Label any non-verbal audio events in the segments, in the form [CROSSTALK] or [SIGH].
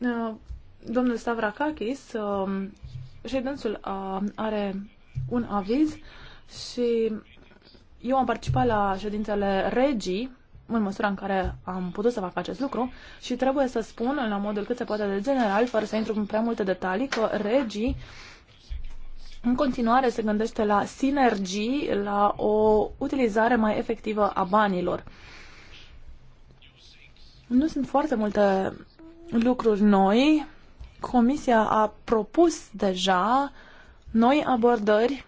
Uh, domnul Stavrakakis um, și dânsul uh, are un aviz și eu am participat la ședințele regii în măsura în care am putut să fac acest lucru și trebuie să spun la modul cât se poate de general, fără să intru în prea multe detalii, că regii în continuare se gândește la sinergii, la o utilizare mai efectivă a banilor. Nu sunt foarte multe lucruri noi. Comisia a propus deja noi abordări.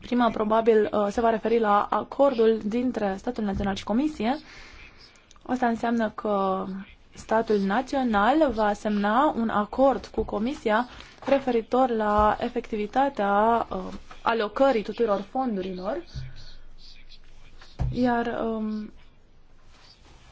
Prima probabil uh, se va referi la acordul dintre statul național și comisie. Asta înseamnă că statul național va semna un acord cu comisia referitor la efectivitatea uh, alocării tuturor fondurilor. Iar um,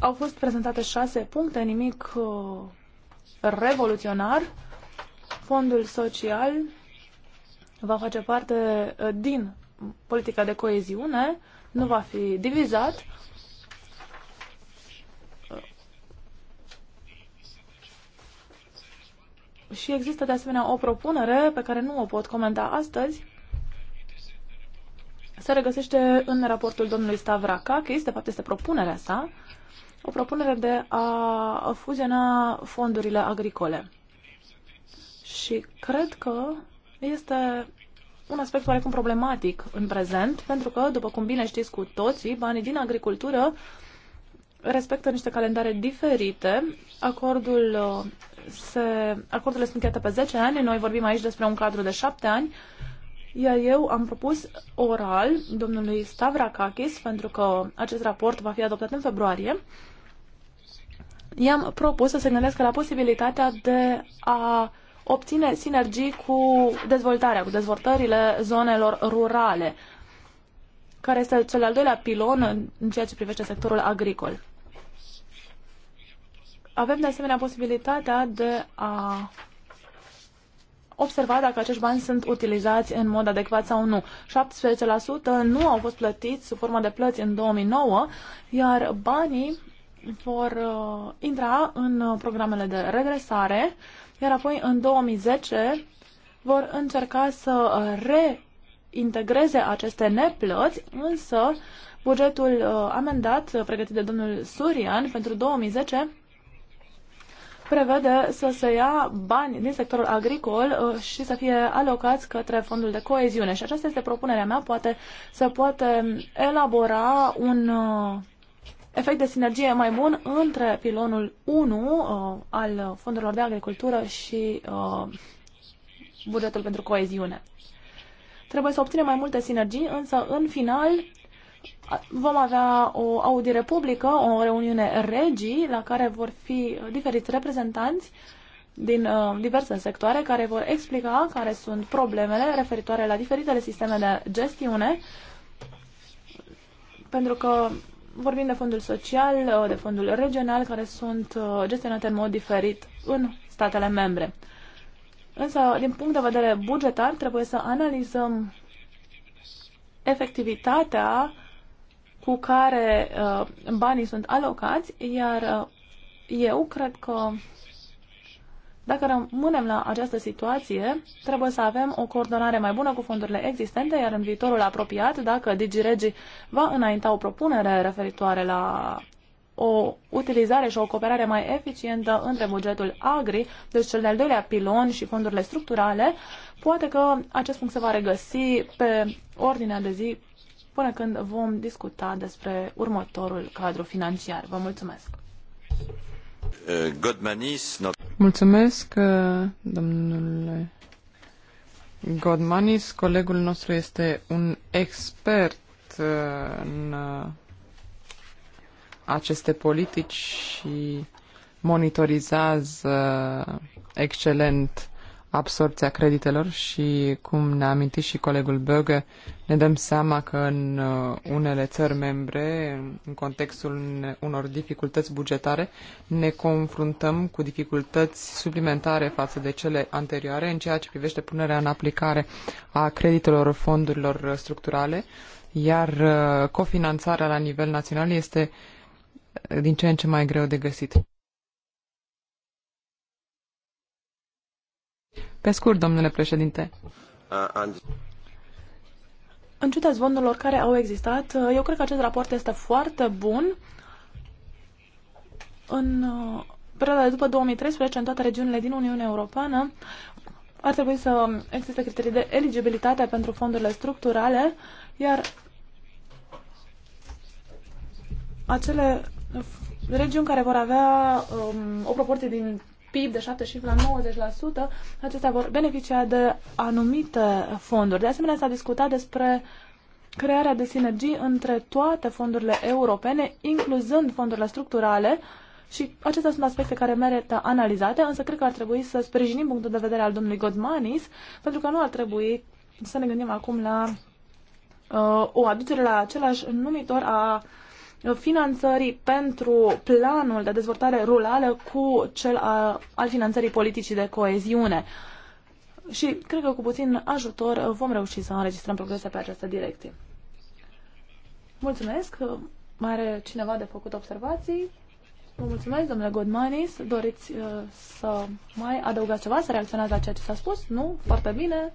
au fost prezentate șase puncte, nimic uh, revoluționar. Fondul social va face parte uh, din politica de coeziune, nu va fi divizat. Uh, și există de asemenea o propunere pe care nu o pot comenta astăzi. Se regăsește în raportul domnului Stavrakakis, de fapt este propunerea sa, o propunere de a fuziona fondurile agricole. Și cred că este un aspect oarecum problematic în prezent, pentru că, după cum bine știți cu toții, banii din agricultură respectă niște calendare diferite. Acordul uh, se, acordurile sunt chiate pe 10 ani, noi vorbim aici despre un cadru de 7 ani iar eu am propus oral domnului Stavrakakis, pentru că acest raport va fi adoptat în februarie, i-am propus să se gândească la posibilitatea de a obține sinergii cu dezvoltarea, cu dezvoltările zonelor rurale, care este cel al doilea pilon în ceea ce privește sectorul agricol. Avem de asemenea posibilitatea de a observa dacă acești bani sunt utilizați în mod adecvat sau nu. 17% nu au fost plătiți sub formă de plăți în 2009, iar banii vor uh, intra în uh, programele de redresare, iar apoi în 2010 vor încerca să reintegreze aceste neplăți, însă bugetul uh, amendat, uh, pregătit de domnul Surian pentru 2010, prevede să se ia bani din sectorul agricol uh, și să fie alocați către fondul de coeziune. Și aceasta este propunerea mea, poate să poate elabora un uh, efect de sinergie mai bun între pilonul 1 uh, al fondurilor de agricultură și bugetul pentru coeziune. Trebuie să obținem mai multe sinergii, însă în final Vom avea o audiere publică, o reuniune regii, la care vor fi diferiți reprezentanți din uh, diverse sectoare care vor explica care sunt problemele referitoare la diferitele sisteme de gestiune, pentru că vorbim de fondul social, uh, de fondul regional, care sunt uh, gestionate în mod diferit în statele membre. Însă, din punct de vedere bugetar, trebuie să analizăm efectivitatea cu care uh, banii sunt alocați, iar uh, eu cred că dacă rămânem la această situație, trebuie să avem o coordonare mai bună cu fondurile existente, iar în viitorul apropiat, dacă DigiRegi va înainta o propunere referitoare la o utilizare și o cooperare mai eficientă între bugetul agri, deci cel de-al doilea pilon și fondurile structurale, poate că acest punct se va regăsi pe ordinea de zi până când vom discuta despre următorul cadru financiar. Vă mulțumesc! Eh, mulțumesc, eh, domnule Godmanis. Colegul nostru este un expert eh, în aceste politici și monitorizează excelent absorpția creditelor și, cum ne-a amintit și colegul Böge, ne dăm seama că în uh, unele țări membre, în contextul unor dificultăți bugetare, ne confruntăm cu dificultăți suplimentare față de cele anterioare în ceea ce privește punerea în aplicare a creditelor fondurilor structurale, iar uh, cofinanțarea la nivel național este uh, din ce în ce mai greu de găsit. Pe scurt, domnule președinte. În ciuda zvonurilor care au existat, eu cred că acest raport este foarte bun. În uh, perioada de după 2013, în toate regiunile din Uniunea Europeană, ar trebui să existe criterii de eligibilitate pentru fondurile structurale, iar acele regiuni care vor avea um, o proporție din PIB de 75 la 90%, acestea vor beneficia de anumite fonduri. De asemenea, s-a discutat despre crearea de sinergii între toate fondurile europene, incluzând fondurile structurale, și acestea sunt aspecte care merită analizate, însă cred că ar trebui să sprijinim punctul de vedere al domnului Godmanis, pentru că nu ar trebui să ne gândim acum la uh, o aducere la același numitor a uh, finanțării pentru planul de dezvoltare rurală cu cel a, al finanțării politicii de coeziune. Și cred că cu puțin ajutor vom reuși să înregistrăm progrese pe această direcție. Mulțumesc! Mai are cineva de făcut observații? Vă mulțumesc, domnule Godmanis. Doriți uh, să mai adăugați ceva, să reacționați la ceea ce s-a spus? Nu? Foarte bine.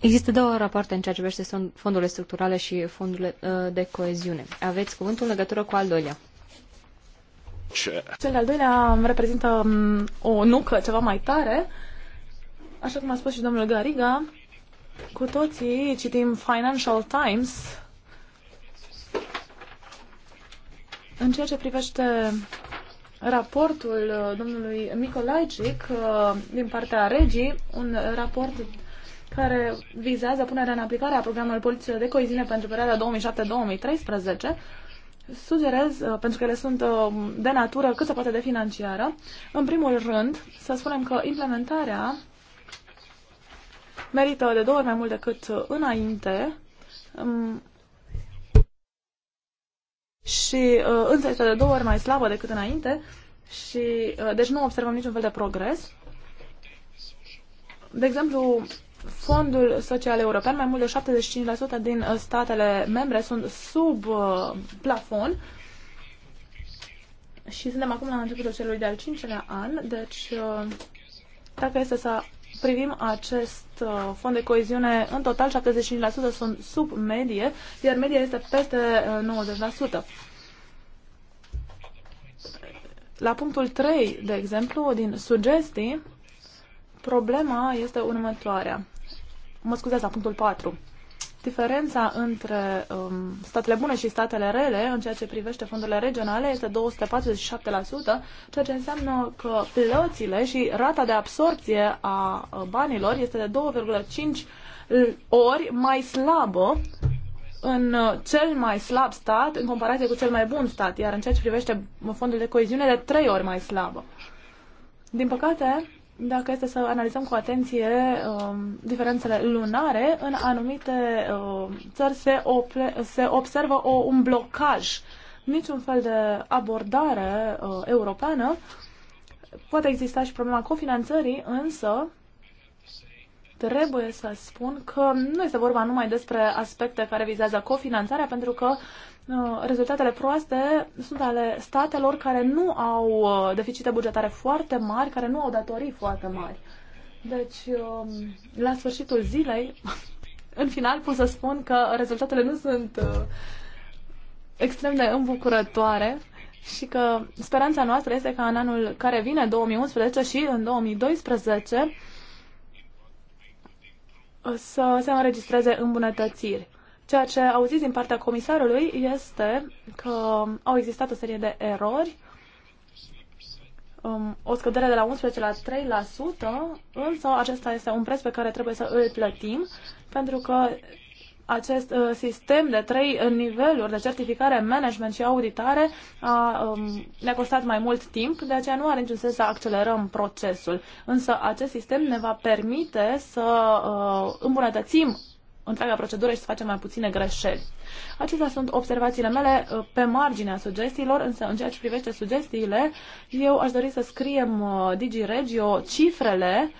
Există două rapoarte în ceea ce privește fondurile structurale și fondurile uh, de coeziune. Aveți cuvântul în legătură cu al doilea. Ce? Cel de-al doilea reprezintă um, o nucă ceva mai tare. Așa cum a spus și domnul Gariga, cu toții citim Financial Times în ceea ce privește raportul uh, domnului Micolaicic uh, din partea regii, un raport care vizează punerea în aplicare a programului poliției de Coiziune pentru perioada 2007-2013, sugerez, uh, pentru că ele sunt de natură cât se poate de financiară, în primul rând să spunem că implementarea merită de două ori mai mult decât înainte. Um, și uh, însă este de două ori mai slabă decât înainte și uh, deci nu observăm niciun fel de progres. De exemplu, Fondul Social European, mai mult de 75% din uh, statele membre sunt sub uh, plafon și suntem acum la începutul celui de-al cincelea an, deci uh, dacă este să privim acest uh, fond de coeziune, în total 75% sunt sub medie, iar media este peste 90%. Uh, la punctul 3, de exemplu, din sugestii, problema este următoarea. Mă scuzați, la punctul 4. Diferența între um, statele bune și statele rele în ceea ce privește fondurile regionale este 247%, ceea ce înseamnă că plățile și rata de absorpție a uh, banilor este de 2,5 ori mai slabă în uh, cel mai slab stat în comparație cu cel mai bun stat, iar în ceea ce privește fondurile de coeziune de 3 ori mai slabă. Din păcate, dacă este să analizăm cu atenție um, diferențele lunare, în anumite um, țări se, opre, se observă o, un blocaj, niciun fel de abordare uh, europeană. Poate exista și problema cofinanțării, însă trebuie să spun că nu este vorba numai despre aspecte care vizează cofinanțarea, pentru că Uh, rezultatele proaste sunt ale statelor care nu au uh, deficite bugetare foarte mari, care nu au datorii foarte mari. Deci, um, la sfârșitul zilei, [LAUGHS] în final pot să spun că rezultatele nu sunt uh, extrem de îmbucurătoare și că speranța noastră este ca în anul care vine, 2011 și în 2012, să se înregistreze îmbunătățiri. Ceea ce auziți din partea comisarului este că au existat o serie de erori, um, o scădere de la 11 la 3%, însă acesta este un preț pe care trebuie să îl plătim, pentru că acest uh, sistem de trei niveluri de certificare, management și auditare a, um, ne-a costat mai mult timp, de aceea nu are niciun sens să accelerăm procesul. Însă acest sistem ne va permite să uh, îmbunătățim întreaga procedură și să facem mai puține greșeli. Acestea sunt observațiile mele uh, pe marginea sugestiilor, însă în ceea ce privește sugestiile, eu aș dori să scriem uh, digiregio cifrele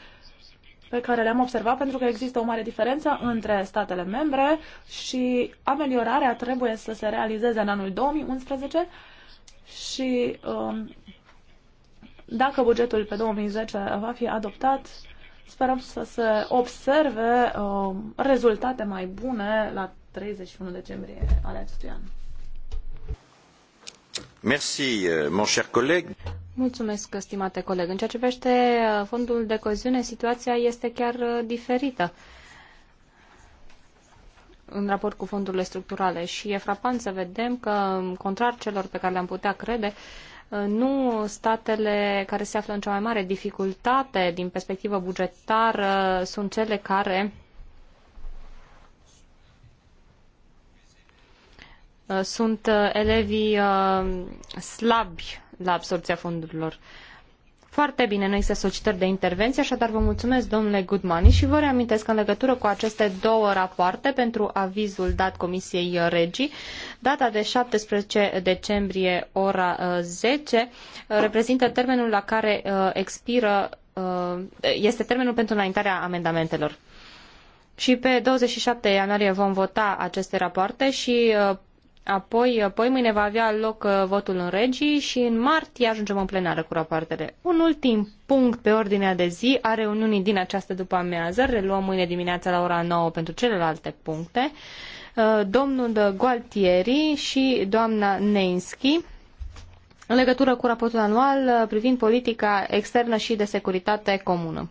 pe care le-am observat pentru că există o mare diferență între statele membre și ameliorarea trebuie să se realizeze în anul 2011 și um, dacă bugetul pe 2010 va fi adoptat, Sperăm să se observe uh, rezultate mai bune la 31 decembrie ale acestui an. Merci, euh, mon cher coleg. Mulțumesc, stimate coleg. În ceea ce privește uh, fondul de coziune, situația este chiar uh, diferită în raport cu fondurile structurale și e frapant să vedem că, um, contrar celor pe care le-am putea crede, Uh, nu statele care se află în cea mai mare dificultate din perspectivă bugetară sunt cele care uh, sunt uh, elevii slabi la absorpția fondurilor. Foarte bine, noi există solicitări de intervenție, așadar vă mulțumesc, domnule Goodmani, și vă reamintesc că în legătură cu aceste două rapoarte pentru avizul dat Comisiei Regii, data de 17 decembrie, ora 10, uh, uh, reprezintă termenul la care uh, expiră, este termenul pentru înaintarea amendamentelor. Și pe 27 ianuarie vom vota aceste rapoarte și Apoi, apoi, uh, mâine va avea loc uh, votul în regii și în martie ajungem în plenară cu rapoartele. Un ultim punct pe ordinea de zi a reuniunii din această după amiază. Reluăm mâine dimineața la ora 9 pentru celelalte puncte. Uh, domnul Gualtieri și doamna Neinski în legătură cu raportul anual privind politica externă și de securitate comună.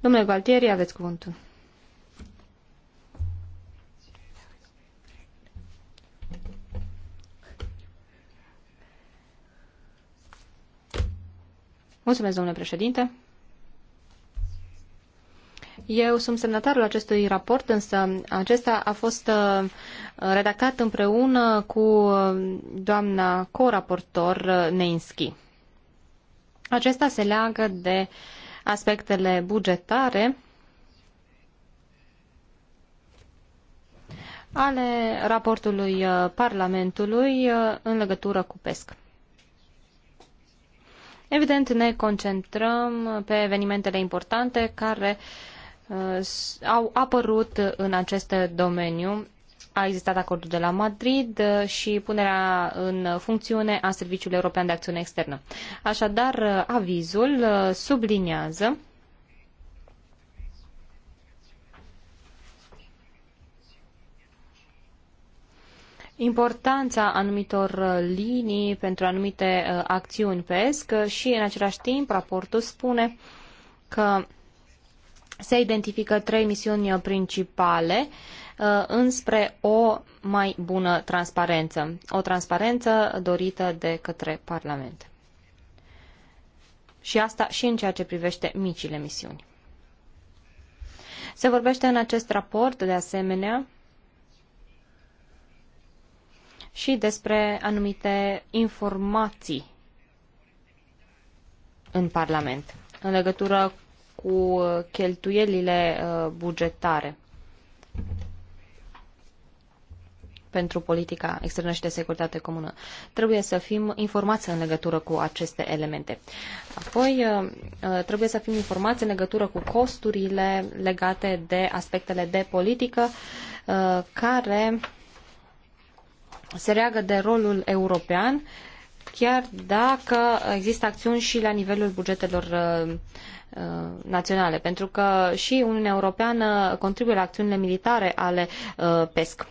Domnule Gualtieri, aveți cuvântul. Mulțumesc, domnule președinte. Eu sunt semnatarul acestui raport, însă acesta a fost uh, redactat împreună cu uh, doamna coraportor uh, Neinski. Acesta se leagă de aspectele bugetare ale raportului Parlamentului în legătură cu PESC. Evident, ne concentrăm pe evenimentele importante care uh, au apărut în acest domeniu. A existat acordul de la Madrid uh, și punerea în funcțiune a Serviciului European de Acțiune Externă. Așadar, uh, avizul subliniază importanța anumitor uh, linii pentru anumite uh, acțiuni pesc uh, și în același timp raportul spune că se identifică trei misiuni principale înspre o mai bună transparență, o transparență dorită de către Parlament. Și asta și în ceea ce privește micile misiuni. Se vorbește în acest raport, de asemenea, și despre anumite informații în Parlament în legătură cu cheltuielile uh, bugetare pentru politica externă și de securitate comună. Trebuie să fim informați în legătură cu aceste elemente. Apoi, uh, uh, trebuie să fim informați în legătură cu costurile legate de aspectele de politică care se leagă de rolul european, chiar dacă există acțiuni și la nivelul bugetelor uh, uh, naționale, pentru că și Uniunea Europeană contribuie la acțiunile militare ale uh, PESC.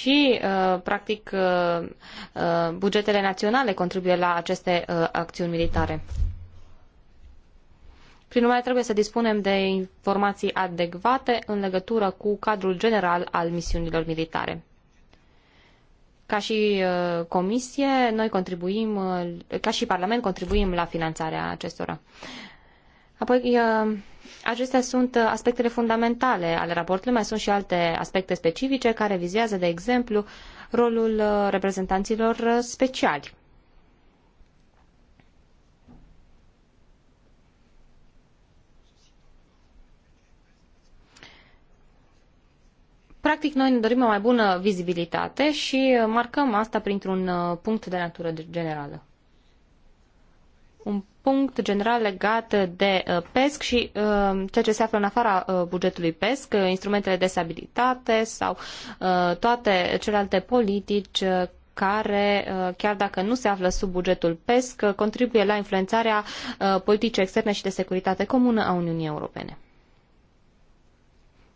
și, practic, bugetele naționale contribuie la aceste acțiuni militare. Prin urmare, trebuie să dispunem de informații adecvate în legătură cu cadrul general al misiunilor militare. Ca și uh, comisie, noi contribuim, uh, ca și Parlament, contribuim la finanțarea acestora. Apoi, uh, acestea sunt aspectele fundamentale ale raportului, mai sunt și alte aspecte specifice care vizează, de exemplu, rolul reprezentanților speciali. Practic, noi ne dorim o mai bună vizibilitate și uh, marcăm asta printr-un uh, punct de natură generală. Un punct general legat de uh, PESC și ceea ce se află în afara bugetului PESC, instrumentele de stabilitate sau toate celelalte politici care, chiar dacă nu se află sub bugetul PESC, contribuie la influențarea politicii externe și de securitate comună a Uniunii Europene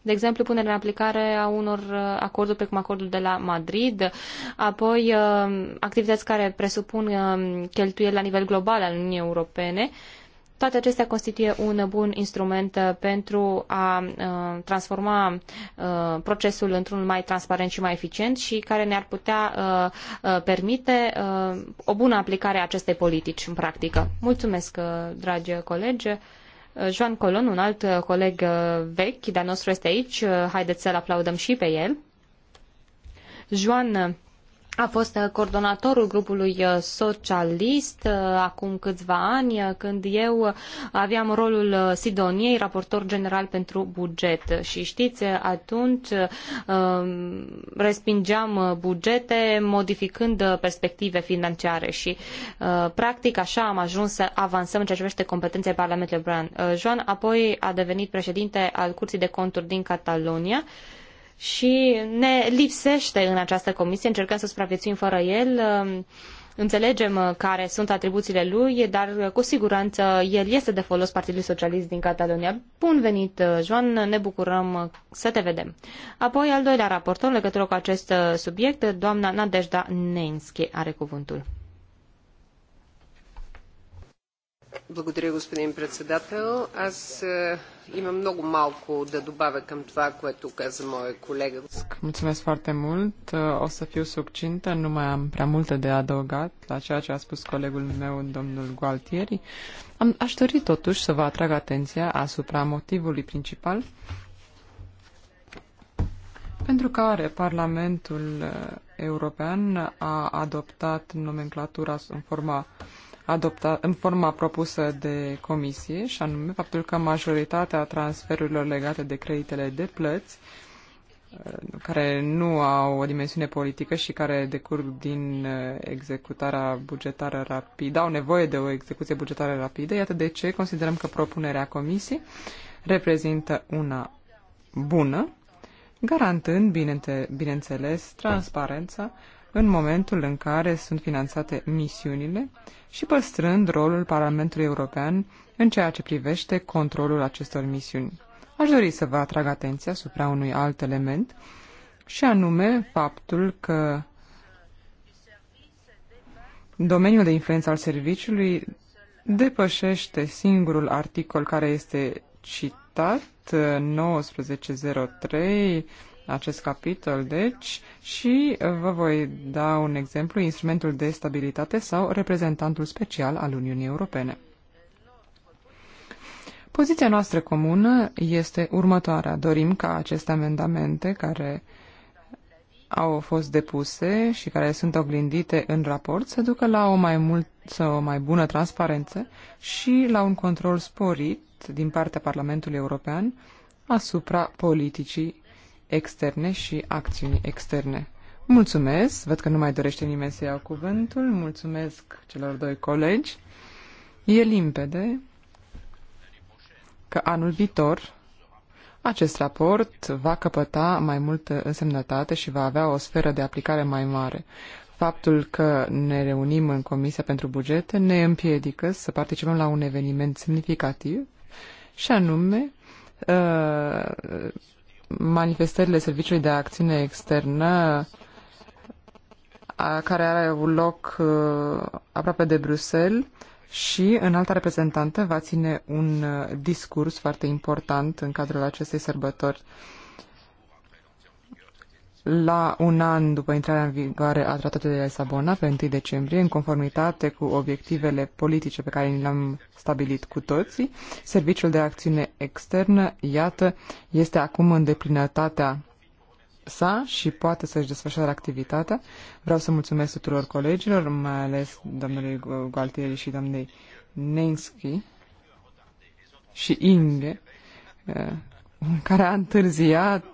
de exemplu, punerea în aplicare a unor uh, acorduri precum acordul de la Madrid, apoi uh, activități care presupun uh, cheltuieli la nivel global al Uniunii Europene. Toate acestea constituie un bun instrument pentru a transforma procesul într-unul mai transparent și mai eficient și care ne-ar putea permite o bună aplicare a acestei politici în practică. Mulțumesc, dragi colegi! Eh, Joan Colon, un alt eh, coleg eh, vechi de-al nostru este aici, haideți să-l aplaudăm și pe el. Joan a fost uh, coordonatorul grupului uh, socialist uh, acum câțiva ani, când eu aveam rolul Sidoniei, raportor general pentru buget. Și știți, atunci um, respingeam bugete modificând perspective financiare și practic așa am ajuns să avansăm în ceea ce privește competențe Parlamentului European. Joan apoi a devenit președinte al Curții de Conturi din Catalonia și ne lipsește în această comisie, încercăm să supraviețuim fără el. Um, înțelegem uh, care sunt atribuțiile lui, dar uh, cu siguranță el este de folos Partidului Socialist din Catalonia. Bun venit, uh, Joan, ne bucurăm să te vedem. Apoi, al doilea raportor în legătură cu acest subiect, doamna Nadejda Neinski are cuvântul. Благодаря, господин председател. Аз имам много малко да добавя към това, което каза моя колега. Mulțumesc foarte mult. O să fiu succintă, nu mai am prea multe de adăugat la ceea ce a spus colegul meu, domnul Gualtieri. Am, aș dori totuși să vă atrag atenția asupra motivului principal pentru care Parlamentul European a adoptat nomenclatura în forma adopta, în forma propusă de comisie, și anume faptul că majoritatea transferurilor legate de creditele de plăți uh, care nu au o dimensiune politică și care decurg din uh, executarea bugetară rapidă, au nevoie de o execuție bugetară rapidă. Iată de ce considerăm că propunerea comisiei reprezintă una bună, garantând, bineînțeles, transparența în momentul în care sunt finanțate misiunile și păstrând rolul Parlamentului European în ceea ce privește controlul acestor misiuni. Aș dori să vă atrag atenția asupra unui alt element și anume faptul că domeniul de influență al serviciului depășește singurul articol care este citat, 1903, acest capitol, deci, și vă voi da un exemplu, instrumentul de stabilitate sau reprezentantul special al Uniunii Europene. Poziția noastră comună este următoarea. Dorim ca aceste amendamente care au fost depuse și care sunt oglindite în raport să ducă la o mai, mult, o mai bună transparență și la un control sporit din partea Parlamentului European asupra politicii externe și acțiuni externe. Mulțumesc, văd că nu mai dorește nimeni să iau cuvântul, mulțumesc celor doi colegi. E limpede că anul viitor acest raport va căpăta mai multă însemnătate și va avea o sferă de aplicare mai mare. Faptul că ne reunim în Comisia pentru Bugete ne împiedică să participăm la un eveniment semnificativ și anume uh, manifestările Serviciului de Acțiune Externă, a, care are un loc uh, aproape de Bruxelles, și în alta reprezentantă va ține un uh, discurs foarte important în cadrul acestei sărbători la un an după intrarea în vigoare a tratatului de Lisabona, pe 1 decembrie, în conformitate cu obiectivele politice pe care le-am stabilit cu toții, Serviciul de Acțiune Externă, iată, este acum în deplinătatea sa și poate să-și desfășoare activitatea. Vreau să mulțumesc tuturor colegilor, mai ales domnului Gualtieri și domnului Nenski și Inge, care a întârziat.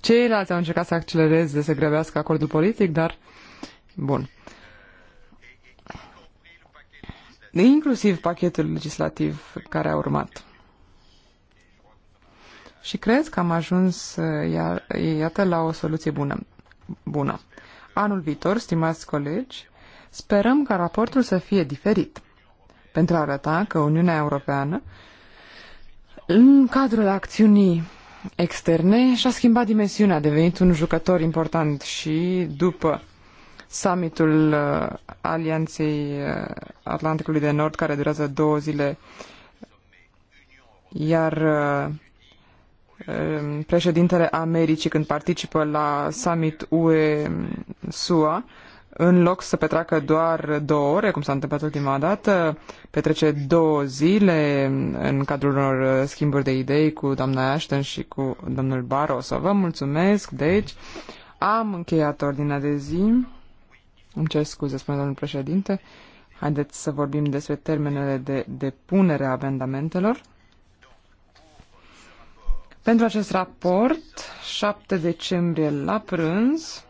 Ceilalți au încercat să accelereze, să grăbească acordul politic, dar bun. Inclusiv pachetul legislativ care a urmat. Și cred că am ajuns, iată, la o soluție bună. bună. Anul viitor, stimați colegi, sperăm ca raportul să fie diferit pentru a arăta că Uniunea Europeană în cadrul acțiunii externe și-a schimbat dimensiunea, a devenit un jucător important și după summitul uh, Alianței uh, Atlanticului de Nord, care durează două zile, iar uh, um, președintele Americii, când participă la summit UE-SUA, um, în loc să petreacă doar două ore, cum s-a întâmplat ultima dată, petrece două zile în cadrul unor schimburi de idei cu doamna Ashton și cu domnul Să Vă mulțumesc, deci am încheiat ordinea de zi. Îmi cer scuze, spune domnul președinte. Haideți să vorbim despre termenele de depunere a amendamentelor. Pentru acest raport, 7 decembrie la prânz,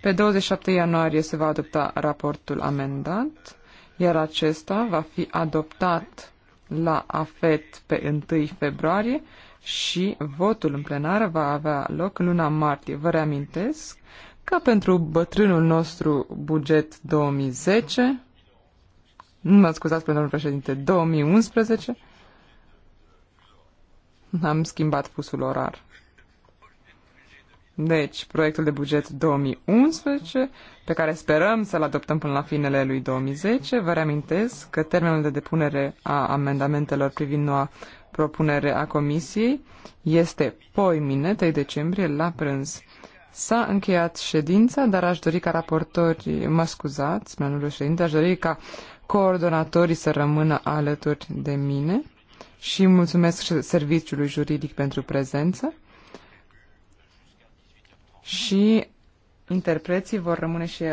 pe 27 ianuarie se va adopta raportul amendat, iar acesta va fi adoptat la AFET pe 1 februarie și votul în plenară va avea loc în luna martie. Vă reamintesc că pentru bătrânul nostru buget 2010, nu mă scuzați pe domnul președinte, 2011, am schimbat pusul orar. Deci, proiectul de buget 2011, pe care sperăm să-l adoptăm până la finele lui 2010, vă reamintesc că termenul de depunere a amendamentelor privind noua propunere a Comisiei este poimine, 3 decembrie, la prânz. S-a încheiat ședința, dar aș dori ca raportorii, mă scuzați, mă ședință, aș dori ca coordonatorii să rămână alături de mine și mulțumesc serviciului juridic pentru prezență și interpreții vor rămâne și